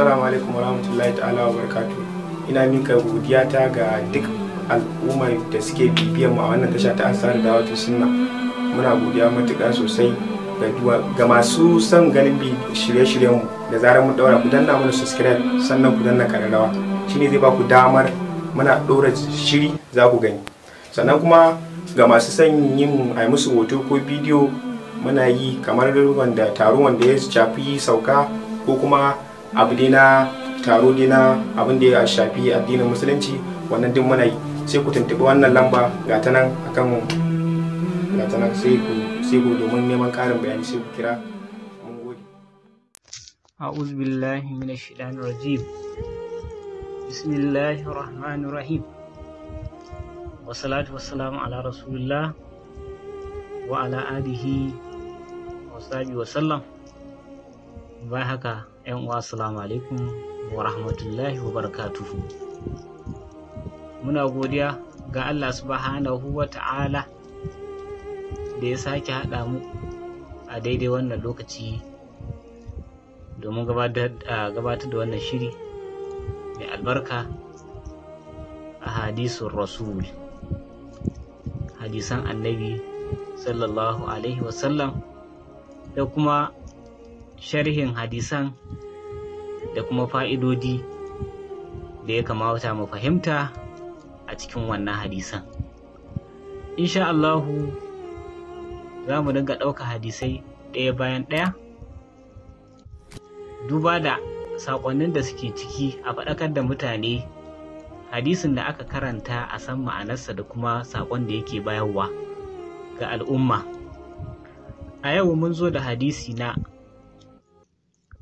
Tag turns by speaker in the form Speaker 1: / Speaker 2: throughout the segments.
Speaker 1: assalamu alaikum warahmatullahi ta'ala wa barakatu ina mika godiya ta ga duk al'umma da suke bibiyan mu a wannan tasha ta asar da wato sunna muna godiya matuƙa sosai ga masu son ganin bi shirye-shiryen mu da zarar mun daura ku danna mana subscribe sannan ku danna kararrawa shine zai ba ku damar muna ɗora shiri za ku gani sannan kuma ga masu son yin a musu hoto ko bidiyo muna yi kamar wanda taro wanda ya shafi sauka ko kuma abu dai na taro dai na abin da ya shafi addinin musulunci wannan duk muna yi sai ku tuntuɓi wannan lamba ga ta nan a akan ga ta nan sai ku sai ku domin neman ƙarin bayani sai ku kira mun gode
Speaker 2: a'udhu billahi minash shaitanir rajim bismillahir rahmanir rahim Wa salatu wassalamu ala rasulillah wa ala alihi wa sallam bai haka 'yan uwa assalamu alaikum wa rahmatullahi wa barakatuhu muna godiya ga Allah subhanahu wa ta'ala da ya sake haɗa mu a daidai wannan lokaci domin gabatar da wannan shiri mai albarka a hadisun rasul hadisan annabi sallallahu alaihi wasallam da kuma sharhin hadisan da kuma fa'idodi da ya kamata mu fahimta a cikin wannan hadisan insha Allahu za mu dinga ɗauka hadisai ɗaya bayan ɗaya duba da saƙonnin da suke ciki a faɗakar da mutane hadisin da aka karanta a san ma'anarsa da kuma saƙon da yake bayarwa ga al'umma a yau mun zo da hadisi na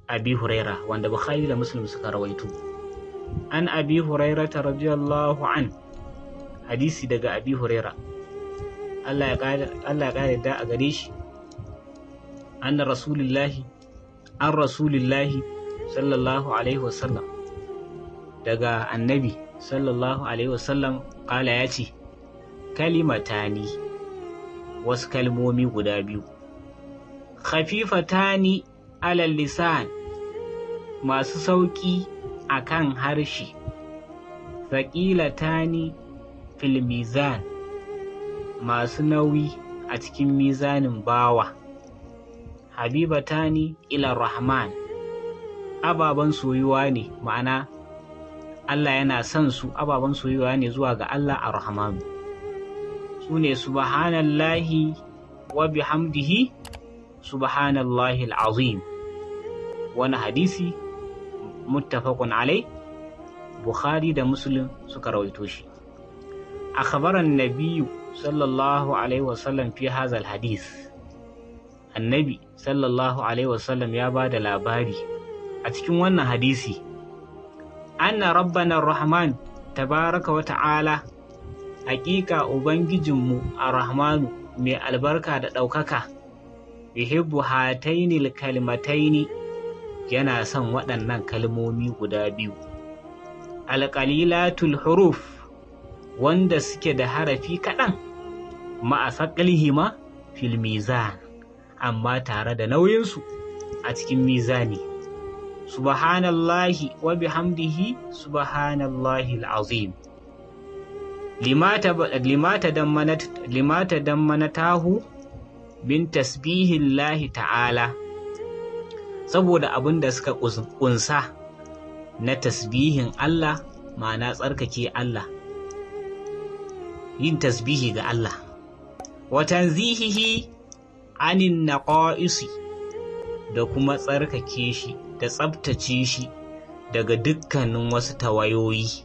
Speaker 2: abi huraira wanda bukhari da muslim suka rawaito an abi huraira ta radiyallahu an hadisi daga abi huraira Allah ya ƙara da a gare shi anna rasulillahi an rasulillahi sallallahu alaihi wasallam daga annabi sallallahu alaihi wasallam ƙala ya ce kalimatani wasu kalmomi guda biyu khafifatani alal lisan masu sauƙi a kan harshe ni filmizan masu nauyi a cikin mizanin bawa Habiba tani ila rahman ababen soyuwa ne ma'ana Allah yana son su ababen soyuwa ne zuwa ga Allah a rahman su ne subhanallahi wa bihamdihi subhanallahi al'azim wani hadisi muttafaqun alai bukhari da muslim suka rawaito shi A khabaran nabiyyu sallallahu alaihi wasallam fi hazal hadis annabi sallallahu alaihi wasallam ya ba da labari a cikin wannan hadisi anna rabbana rahman tabaraka wa ta'ala hakika ubangijinmu a rahmanu mai albarka da ɗaukaka yuhibbu hatainil kalmataini yana son waɗannan kalmomi guda biyu alƙalilatul huruf wanda suke da harafi kaɗan ma fil mizan amma tare da nauyinsu a cikin mizani subhanallahi wa bihamdihi subhanallahi al'azim limata dammana tahu bin tasbihillahi ta'ala saboda abin da suka kunsa na tasbihin Allah ma'ana tsarkake Allah yin tasbihi ga Allah wa tanzihihi anin naqaisi da kuma tsarkake shi da tsabtace shi daga dukkanin wasu tawayoyi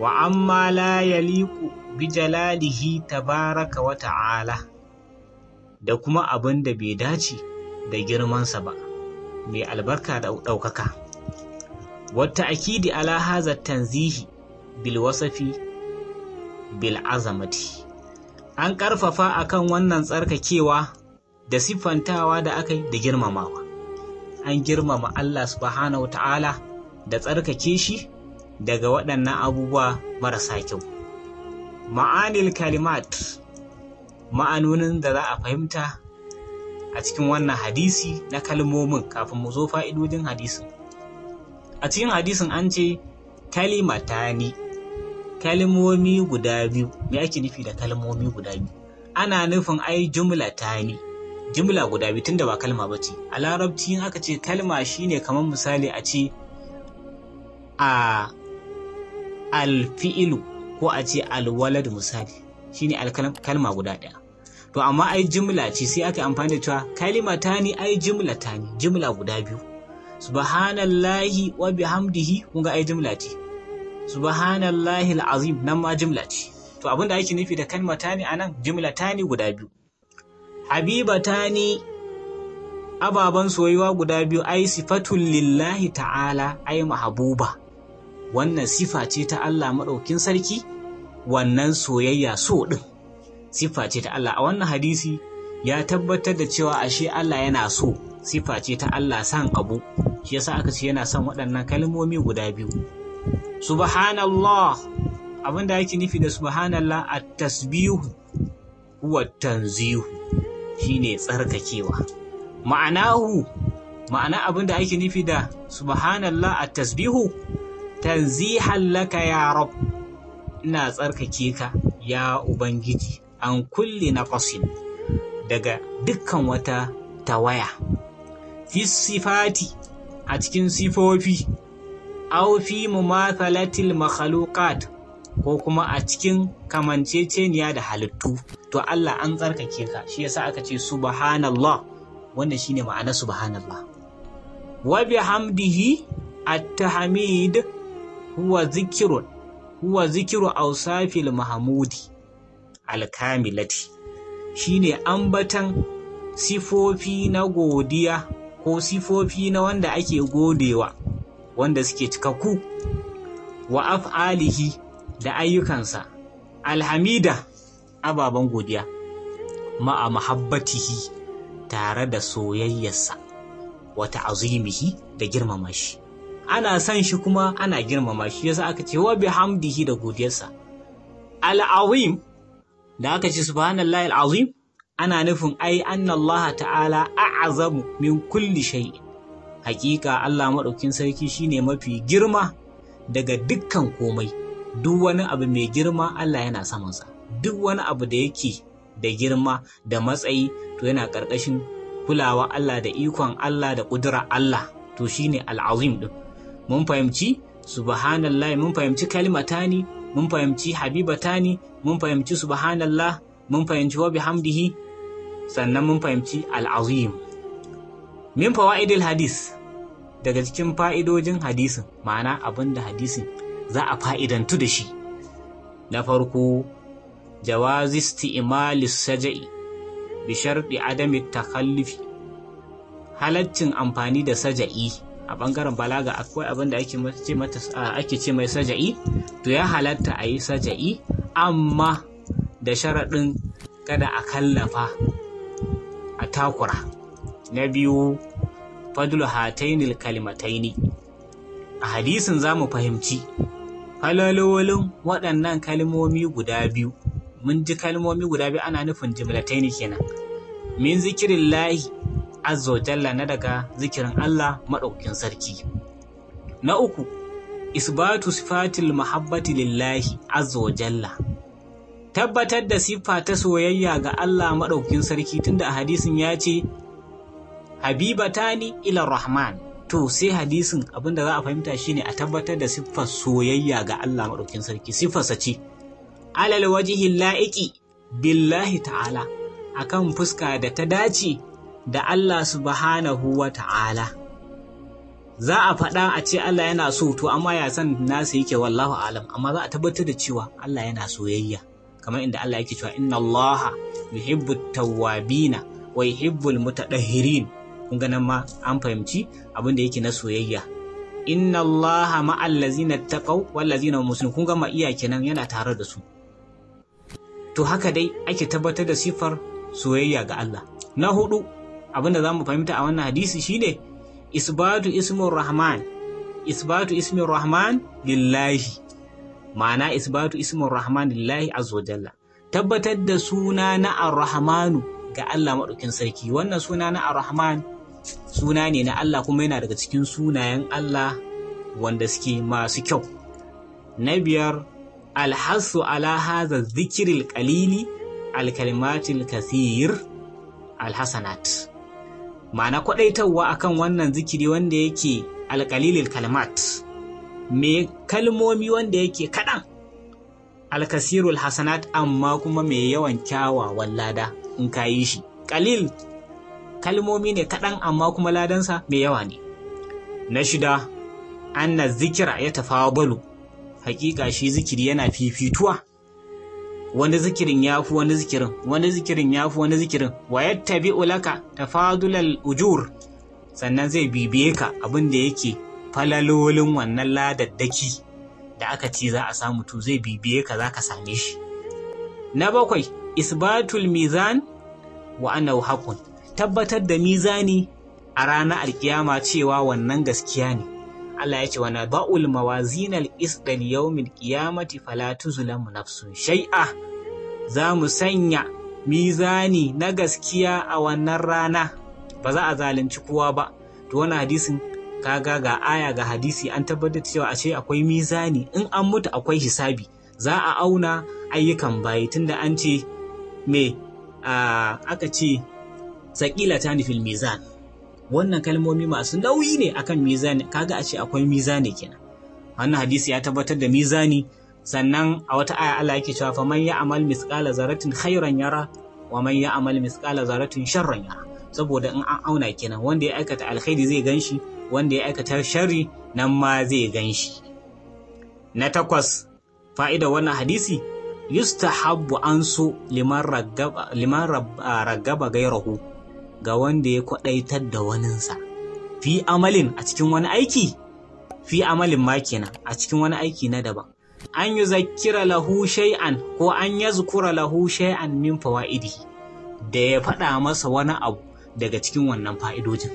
Speaker 2: wa amma la yaliku bi jalalihi tabaraka wa ta'ala da kuma abin da bai dace da girmansa ba mai albarka da ɗaukaka wata akidi ala haza tanzihi bil wasafi bil azamati an ƙarfafa a kan wannan tsarkakewa da siffantawa da aka yi da girmamawa an girmama Allah subhanahu ta'ala da tsarkake shi daga waɗannan abubuwa marasa kyau ma'anil kalimat ma'anonin da za a fahimta a cikin wannan hadisi na kalmomin kafin mu zo fa'idodin hadisin. A cikin hadisin an ce kalimatani kalmomi guda biyu me ake nufi da kalmomi guda biyu ana nufin ai jumla tani jumla guda biyu tunda ba kalma ba ce a larabci in aka ce kalma shine kamar misali a ce a alfi'ilu ko a ce alwalad misali shine kalma guda ɗaya to amma ai jimla ce sai aka amfani da cewa kalima tani ai jimla tani jimla guda biyu subhanallahi wa bihamdihi kun ga ai jimla ce subhanallahi alazim nan ma jimla ce to abinda ake nufi da kalma tani anan jimla tani guda biyu habiba tani ababan soyuwa guda biyu ai sifatul lillahi ta'ala ai mahabuba wannan sifa ce ta Allah maɗaukin sarki wannan soyayya so ɗin siffa ce ta Allah a wannan hadisi ya tabbatar da cewa ashe Allah yana so siffa ce ta Allah san abu shi yasa aka ce yana son waɗannan kalmomi guda biyu subhanallah abin da yake nufi da subhanallah at tasbihu huwa tanzihu shine tsarkakewa ma'anahu ma'ana abin da ake nufi da subhanallah at tasbihu tanzihan laka ya rab ina tsarkake ka ya ubangiji an kulli ƙasin daga dukkan wata tawaya fi sifati a cikin sifofi aw fi mumathalatil makhluqat ko kuma a cikin kamanceceniya da halittu to Allah an tsarkake ka shi yasa aka ce subhanallah wannan shine ma'ana subhanallah wa bihamdihi at-tahmid huwa zikrun huwa zikru awsafil mahmudi alkamilati shine ambatan sifofi na godiya ko sifofi na wanda ake godewa wanda suke cikakku wa af'alihi da ayyukansa alhamida ababen godiya ma'a mahabbatihi tare da soyayyarsa wata azimihi da girmama shi ana san shi kuma ana girmama shi yasa aka ce wa bihamdihi da godiyarsa al'awim da aka ce subhanallahi al'azim ana nufin ai annallaha ta'ala azamu min kulli shay'in hakika Allah maɗaukin sarki shine mafi girma daga dukkan komai duk wani abu mai girma Allah yana samansa duk wani abu da yake da girma da matsayi to yana ƙarƙashin kulawa Allah da ikon Allah da ƙudura Allah to shine al'azim ɗin. mun fahimci subhanallahi mun fahimci ne. mun fahimci habiba tani mun fahimci subhanallah mun fahimci wa bihamdihi sannan mun fahimci al'azim min fawaidil hadis daga cikin fa'idojin hadisin ma'ana abin da hadisin za a fa'idantu da shi na farko jawazi imalis saja'i bi sharɗi adami takhallufi halaccin amfani da saja'i a bangaren balaga akwai abin da ake ce mai saja'i to ya halatta a yi saja'i amma da sharaɗin kada a kallafa a takura na biyu fadlu hatainil kalimataini a hadisin za mu fahimci falalolin waɗannan kalmomi guda biyu mun ji kalmomi guda biyu ana nufin jimlatai ne kenan min zikirin lahi azza wa jalla na daga zikirin Allah maɗaukin sarki. Na uku, isbatu sifatil mahabbati lillahi azza wa jalla. Tabbatar da siffa ta soyayya ga Allah maɗaukin sarki tunda a hadisin ya ce, Habibatani ila Rahman. To sai hadisin abinda za a fahimta shine a tabbatar da siffar soyayya ga Allah Madaukin sarki, siffarsa ce, Alal wajihin la'iki billahi ta'ala akan fuska da ta dace da Allah subhanahu wa ta'ala. Za a faɗa a ce Allah yana so to amma ya san nasu yake wallahu alam amma za a tabbatar da cewa Allah yana soyayya kamar inda Allah yake cewa inna Allah yuhibbu tawwabina wa yuhibbul mutadahhirin kun nan ma an fahimci abin da yake na soyayya inna Allah ma'allazina taqaw ladzina muslimun kun ga ma iya kenan yana tare da su to haka dai ake tabbatar da sifar soyayya ga Allah na hudu abinda za mu fahimta a wannan hadisi shine isbatu ismin rahman isbatu ismin rahman lillahi ma'ana isbatu ismin rahman lillahi azza tabbatar da suna na arrahmanu ga Allah maɗukin sarki wannan suna na arrahman suna ne na Allah kuma yana daga cikin sunayen Allah wanda suke masu kyau na biyar alhassu ala hadha kalili alkalimatil kathir alhasanat ma'ana kwaɗaitarwa kan wannan zikiri wanda yake alƙalilil kalmat me kalmomi wanda yake kaɗan alkasirul hasanat amma kuma mai yawan kyawawan lada in ka yi shi ƙalil kalmomi ne kaɗan amma kuma ladansa mai yawa ne na shida an na zikira ya tafawa balu hakika shi zikiri yana fifituwa wani zikirin ya fi wani zikirin wani zikirin ya fi wani zikirin wa yattabi ulaka tafadulal ujur sannan zai bibiye ka abin da yake falalolin wannan ladaddaki da aka ce za a samu to zai bibiye ka za ka same shi na bakwai isbatul mizan wa hakun, hakun tabbatar da mizani a ranar alkiyama cewa wannan gaskiya ne Allah ya ce wa naba'ul mawazinal isdal yawmil ƙiyamati fala tuzlamu nafsun sha'i'a. za mu sanya mizani na gaskiya a wannan rana ba za a zalunci kowa ba to wani hadisin kaga ga aya ga hadisi an tabbatar cewa ashe akwai mizani in an mutu akwai hisabi za a auna ayyukan bayi tunda an ce me aka ce sakila ta nufin mizan wannan kalmomi masu nauyi ne akan mizani kaga ashe akwai mizani kenan wannan hadisi ya tabbatar da mizani sannan a wata aya Allah yake cewa fa man ya'mal misqala zaratin khairan yara wa man ya'mal misqala zaratin sharran yara saboda in an auna kenan wanda ya aikata alkhairi zai ganshi wanda ya aikata sharri nan ma zai ganshi na takwas fa'ida wannan hadisi yustahabbu an so liman ragaba gairahu ga wanda ya kwadaitar da waninsa fi amalin a cikin wani aiki fi amalin ma kenan a cikin wani aiki na daban an yi zakira lahu shay'an ko an ya zukura lahu shay'an min fawa'idi da ya faɗa masa wani abu daga cikin wannan fa'idojin.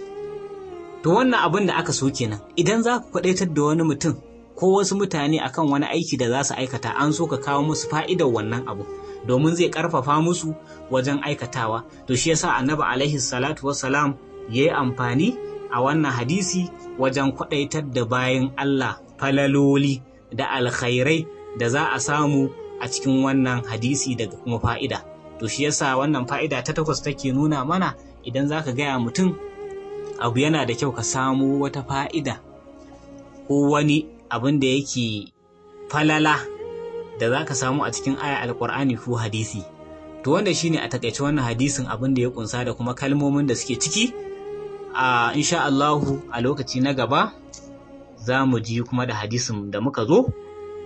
Speaker 2: To wannan abin da aka so kenan idan za ku kwaɗaitar da wani mutum ko wasu mutane akan wani aiki da za su aikata an so ka kawo musu fa'idar wannan abu domin zai ƙarfafa musu wajen aikatawa to shi yasa annabi alaihi salatu wassalam ya amfani a wannan hadisi wajen kwaɗaitar da bayan Allah falaloli da alkhairai da za a samu a cikin wannan hadisi daga kuma fa'ida to shi yasa wannan fa'ida ta takwas take nuna mana idan za ka gaya mutum abu yana da kyau ka samu wata fa'ida ko wani abin da yake falala da za ka samu a cikin aya alkur'ani ko hadisi to wanda shine a takaice wannan hadisin abin da ya kunsa da kuma kalmomin da suke ciki a insha Allahu a lokaci na gaba za mu ji kuma da hadisin da muka zo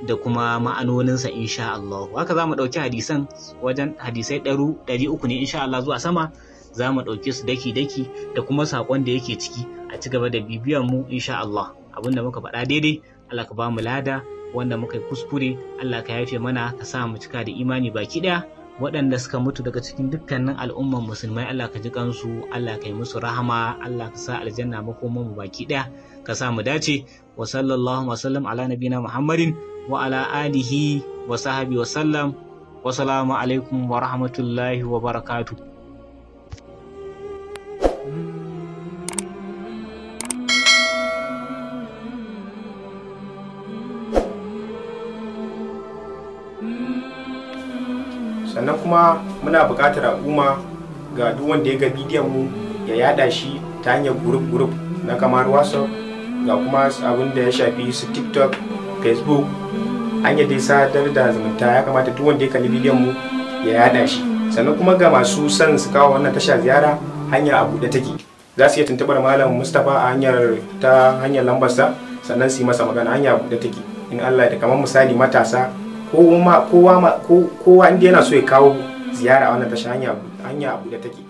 Speaker 2: da kuma ma'anoninsa insha Allah haka za mu ɗauki hadisan wajen hadisai ɗari uku ne insha Allah zuwa sama za mu ɗauke su daki-daki da kuma saƙon da yake ciki a ci gaba da bibiyan mu insha Allah abin da muka faɗa daidai Allah ka ba mu lada wanda muka yi kuskure Allah ka haife mana ka sa mu cika da imani baki ɗaya waɗanda suka mutu daga cikin dukkanin al'umman musulmai Allah ka ji kansu Allah ka yi musu rahama Allah ka sa aljanna makoman mu baki ɗaya ka sa mu dace wa sallallahu wa sallam ala nabina muhammadin wa ala alihi wa sahabi wa sallam wa salamu alaikum wa rahmatullahi wa barakatuh
Speaker 1: Mmm. hmm sannan kuma muna buƙatar al'umma ga duk wanda ya ga bidiyon mu ya yada shi ta hanyar gurup gurup na kamar wasu ga kuma abin da ya shafi su tiktok facebook hanyar dai sadar da zumunta ya kamata duk wanda ya kalli bidiyon mu ya yada shi sannan kuma ga masu son su kawo wannan tasha ziyara hanya a buɗe take za su iya tuntubar malam mustapha a hanyar ta hanyar lambarsa sannan su yi masa magana hanya a buɗe take in allah da kamar misali matasa kowa inda yana so ya kawo ziyara a wannan tasha hanya abu da take